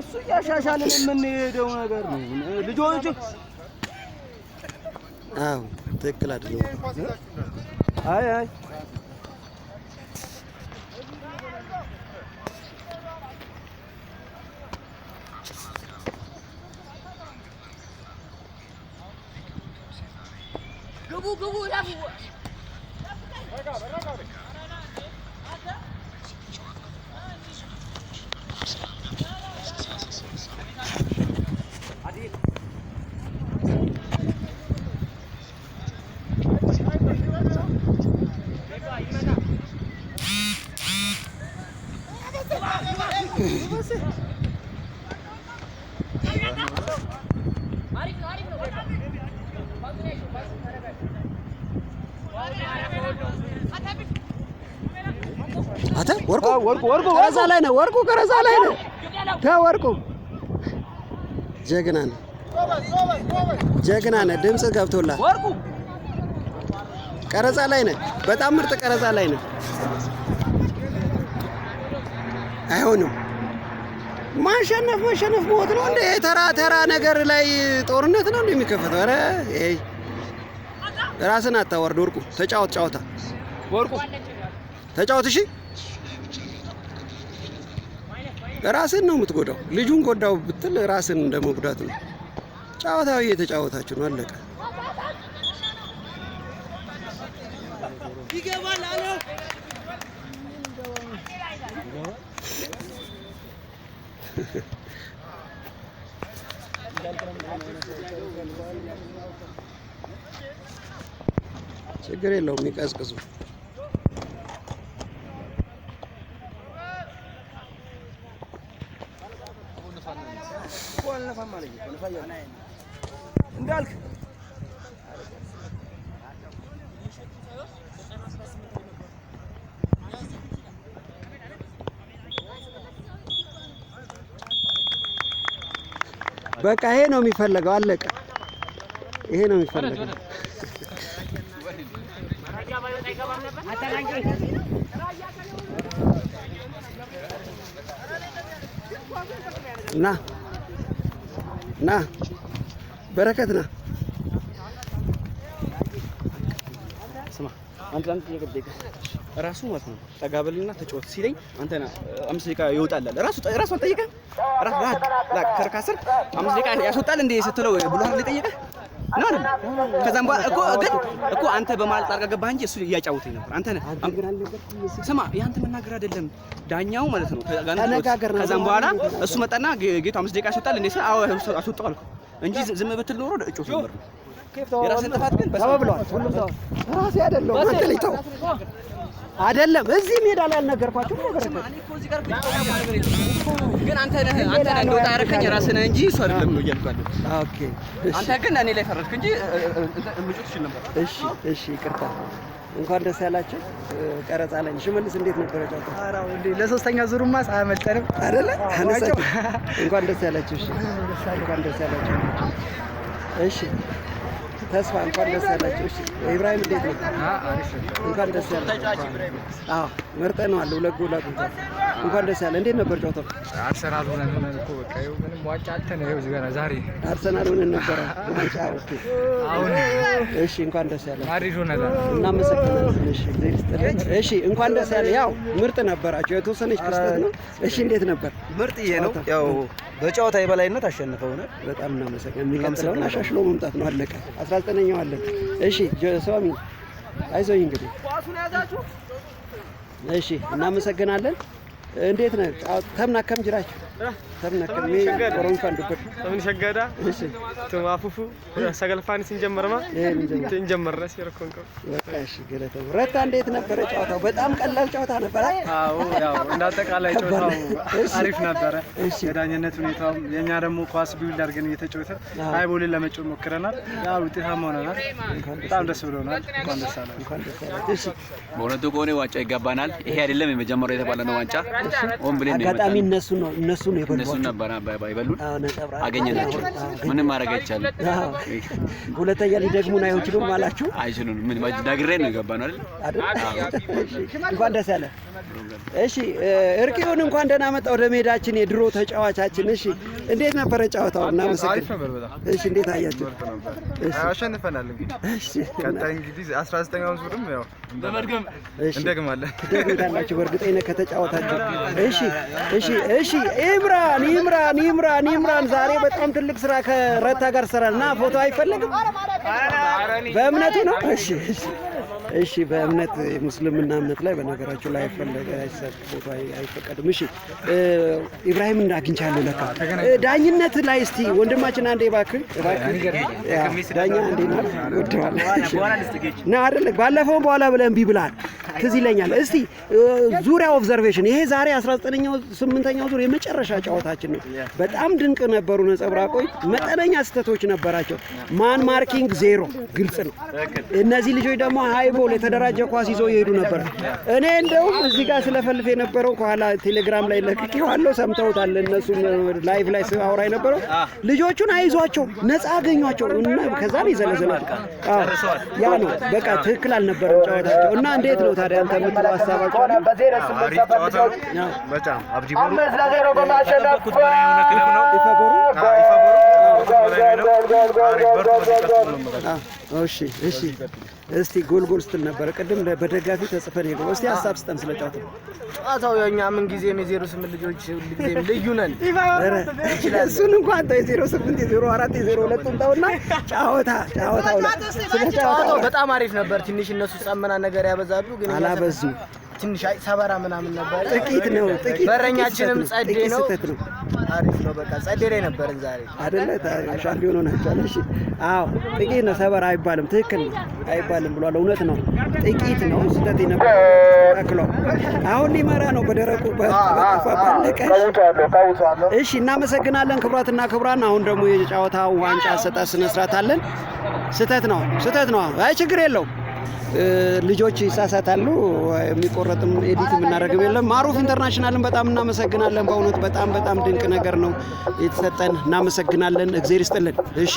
እሱ እያሻሻልን የምንሄደው ነገር ነው። ልጆቹ አዎ ትክክል አይደለም። አይ አይ ግቡ ግቡ አተ ወርቁ ወርቁ ወርቁ ላይ ነው። ወርቁ ላይ ነው። ጀግና ነህ፣ ጀግና ነህ። ገብቶላል። ወርቁ ላይ ነህ። በጣም ምርጥ ቀረፃ ላይ ነህ። አይሆንም ማሸነፍ ማሸነፍ ሞት ነው እንዴ? ተራ ተራ ነገር ላይ ጦርነት ነው እንዴ የሚከፈተው። ኧረ ራስን አታወርድ። ወርቁ ተጫወት፣ ጫወታ ወርቁ ተጫወት። እሺ ራስን ነው የምትጎዳው። ልጁን ጎዳው ብትል ራስን እንደመጉዳት ነው። ጫወታው እየተጫወታችሁ ነው። አለቀ። ችግር የለውም። የሚቀዝቅዙ እንዳልክ በቃ ይሄ ነው የሚፈለገው። አለቀ። ይሄ ነው የሚፈለገው። ና ና በረከት ና ስማ ራሱ ማለት ነው ጠጋበልና ተጫወት ሲለኝ አንተ አምስት ደቂቃ ይወጣል ራሱ ራሱ አልጠየቀህም ራሱ ላክ ላክ ከርካስር አምስት ደቂቃ ያስወጣል እንደ ስትለው ብሎ አይደል የጠየቀህ ነው አይደል ከዛም በኋላ እኮ ግን እኮ አንተ በማለት ጣልቃ ገባህ እንጂ እሱ እያጫወተኝ ነበር አንተ ነህ ስማ ያንተ መናገር አይደለም ዳኛው ማለት ነው ከዛም በኋላ እሱ መጣና ጌቱ አምስት ደቂቃ ያስወጣል እንደ አዎ አስወጣው አልኩ እንጂ ዝም ብትል ኖሮ እጮት ነበር የራስህን ጥፋት ግን በሰበብ ብሏል ሁሉም ሰው ራሴ አይደለም ወጥልኝ ተው አይደለም እዚህ ሜዳ ላይ አልነገርኳቸው። ግን አንተ ነህ አንተ ነህ እንደወጣ ያደረከኝ ራስህ ነህ እንጂ እሱ አይደለም ነው እያልኩ ያለው። ኦኬ አንተ ግን እኔ ላይ ፈረድክ እንጂ እምጮት ትችል ነበር። እሺ እሺ፣ ይቅርታ። እንኳን ደስ ያላችሁ። ቀረጻ ላይ ሽመልስ እንዴት ነበር ያጫወተ? አራው እንዴ ለሶስተኛ ዙሩማ አያመልጠንም አይደለ? እንኳን ደስ ያላችሁ። እሺ እንኳን ደስ ያላችሁ። እሺ ተስፋ እንኳን ደስ ያላችሁ። እሺ ኢብራሂም እንዴት ነው? እንኳን ደስ ያላችሁ። አዎ መርጠነዋል። ሁለት ጎል አግኝቷል። እንኳን ደስ ያለ። እንዴት ነበር ጨዋታው? አርሰናል ሆነን ሆነን እኮ በቃ ይኸው ምንም ዋንጫ አተነ ይኸው እዚህ ጋር ዛሬ አርሰናል ሆነን ነበረ ዋንጫ። ኦኬ አሁን እሺ፣ እንኳን ደስ ያለ። ማድሪድ ሆነ ዛሬ እና መሰከነ። እሺ፣ እሺ፣ እንኳን ደስ ያለ። ያው ምርጥ ነበራቸው። የተወሰነች ክስተት ነው። እሺ፣ እንዴት ነበር? ምርጥ ይሄ ነው ያው በጨዋታ የበላይነት አሸነፈው ነው። በጣም እናመሰግናለን። የሚቀጥለውን አሻሽሎ መምጣት ነው። አለቀ። 19ኛው አለቀ። እሺ ጆሶሚ አይዞኝ እንግዲህ እሺ እናመሰግናለን። እንዴት ነህ? ከም ጅራችሁ ተምና ከም ፋን ዱበት ተምን ሸገዳ እሺ ተማፉፉ ሰገልፋን ሲንጀመርማ እንጀመርና ሲረኮን ቀው እሺ ገለተ ረታ እንዴት ነበረ ጨዋታው? በጣም ቀላል ጨዋታ ነበረ። አዎ ያው እንዳጠቃላይ ጨዋታው አሪፍ ነበረ። እሺ የዳኝነት ሁኔታው የኛ ደግሞ ኳስ ቢውል አድርገን እየተጫወተ አይ ቦልን ለመጫወት ሞክረናል። ያው ውጤታማ ሆነናል። በጣም ደስ ብሎናል። እንኳን ደስ እንኳን ደስ አለ። እሺ በእውነቱ ከሆነ ዋንጫ ይገባናል። ይሄ አይደለም የመጀመሪያው የተባለ ነው ዋንጫ አጋጣሚ እነሱ ነው እነሱ ነው የበሉት ነበር አገኘናቸው። ምንም ማድረግ አይቻልም። ሁለተኛ ሊደግሙን አይችሉም አላችሁ። አይችሉም ምን ዳግሬ ነው የገባነው አይደል? እንኳን ደስ ያለ። እሺ እርቂውን እንኳን ደህና መጣ ወደ ሜዳችን የድሮ ተጫዋቻችን። እሺ እንዴት ነበረ ጨዋታው? እናመሰግን። እሺ እንዴት አያችሁ? አሸንፈናል። እሺ ቀጣይ እንግዲህ 19 ዙርም ያው እንደግማለን። በእርግጠኝነት ከተጫወታችሁ እሺ እሺ እሺ። ኢምራን ኢምራን ኢምራን ኢምራን ዛሬ በጣም ትልቅ ስራ ከረታ ጋር ሰራና ፎቶ አይፈለግም። በእምነቱ ነው። እሺ እሺ እሺ በእምነት ሙስልምና እምነት ላይ በነገራችሁ ላይ አይፈለገ ፎቶ አይፈቀድም። እሺ ኢብራሂም እንዳግኝቻለሁ ለካ ዳኝነት ላይ እስቲ ወንድማችን አንዴ እባክህ ዳኛ አንዴ ነው ወደዋል ና አይደለ ባለፈውን በኋላ ብለህ እምቢ ብላል ትዝ ይለኛል። እስቲ ዙሪያ ኦብዘርቬሽን ይሄ ዛሬ 19ኛው 8ኛው ዙር የመጨረሻ ጨዋታችን ነው። በጣም ድንቅ ነበሩ ነጸብራቆች። መጠነኛ ስህተቶች ነበራቸው። ማን ማርኪንግ ዜሮ ግልጽ ነው። እነዚህ ልጆች ደግሞ ሃይቦል የተደራጀ ኳስ ይዘው ይሄዱ ነበር። እኔ እንደውም እዚህ ጋር ስለፈልፍ የነበረው ከኋላ ቴሌግራም ላይ ለቅቄዋለሁ። ሰምተውታል። እነሱ ላይቭ ላይ አውራ የነበረው ልጆቹን አይዟቸው ነጻ አገኟቸው። ከዛ ላይ ያ ነው በቃ ትክክል አልነበረም ጨዋታቸው እና እንዴት ነው ታዲያ ታዲያ አንተ የምትለው ሀሳባቸው በጣም አብዲ ኢፋጎሩ እሺ እሺ እስቲ ጎል ጎል ስትል ነበረ ቅድም በደጋፊ ተጽፈን ሄዶ እስቲ ሀሳብ ስጠን ስለ ጨዋታው። ጨዋታው የእኛ ምን ጊዜ የዜሮ ስምንት ልጆች ሁልጊዜም ልዩ ነን። እሱን እንኳን ተው የዜሮ ስምንት የዜሮ አራት የዜሮ ሁለቱን ተውና ጨዋታ ጨዋታው ጨዋታው በጣም አሪፍ ነበር። ትንሽ እነሱ ጸመና ነገር ያበዛሉ፣ ግን አላበዙም ትንሽ አይ ሰበራ ምናምን ነበረ። ጥቂት ነው ጥቂት። በረኛችንም ጸዴ ነው። ነው። አሪፍ ነው። በቃ ጸዴ ላይ ነበርን ዛሬ አይደለ? ሻምፒዮን ቢሆን ሆናችኋል። እሺ፣ አዎ ጥቂት ነው። ሰበራ አይባልም። ትክክል ነው፣ አይባልም ብሏል። እውነት ነው፣ ጥቂት ነው። ስህተት ነበር። አክሎ አሁን ሊመራ ነው በደረቁ ባለቀ። እሺ፣ እናመሰግናለን ክቡራትና ክቡራን። አሁን ደግሞ የጨዋታው ዋንጫ አሰጣጥ ስነስርዓት አለን። ስህተት ነው፣ ስህተት ነው። አይ ችግር የለውም። ልጆች ይሳሳታሉ። የሚቆረጥም ኤዲት የምናደርግም የለም። ማሩፍ ኢንተርናሽናልን በጣም እናመሰግናለን። በእውነት በጣም በጣም ድንቅ ነገር ነው የተሰጠን። እናመሰግናለን። እግዜር ይስጥልን። እሺ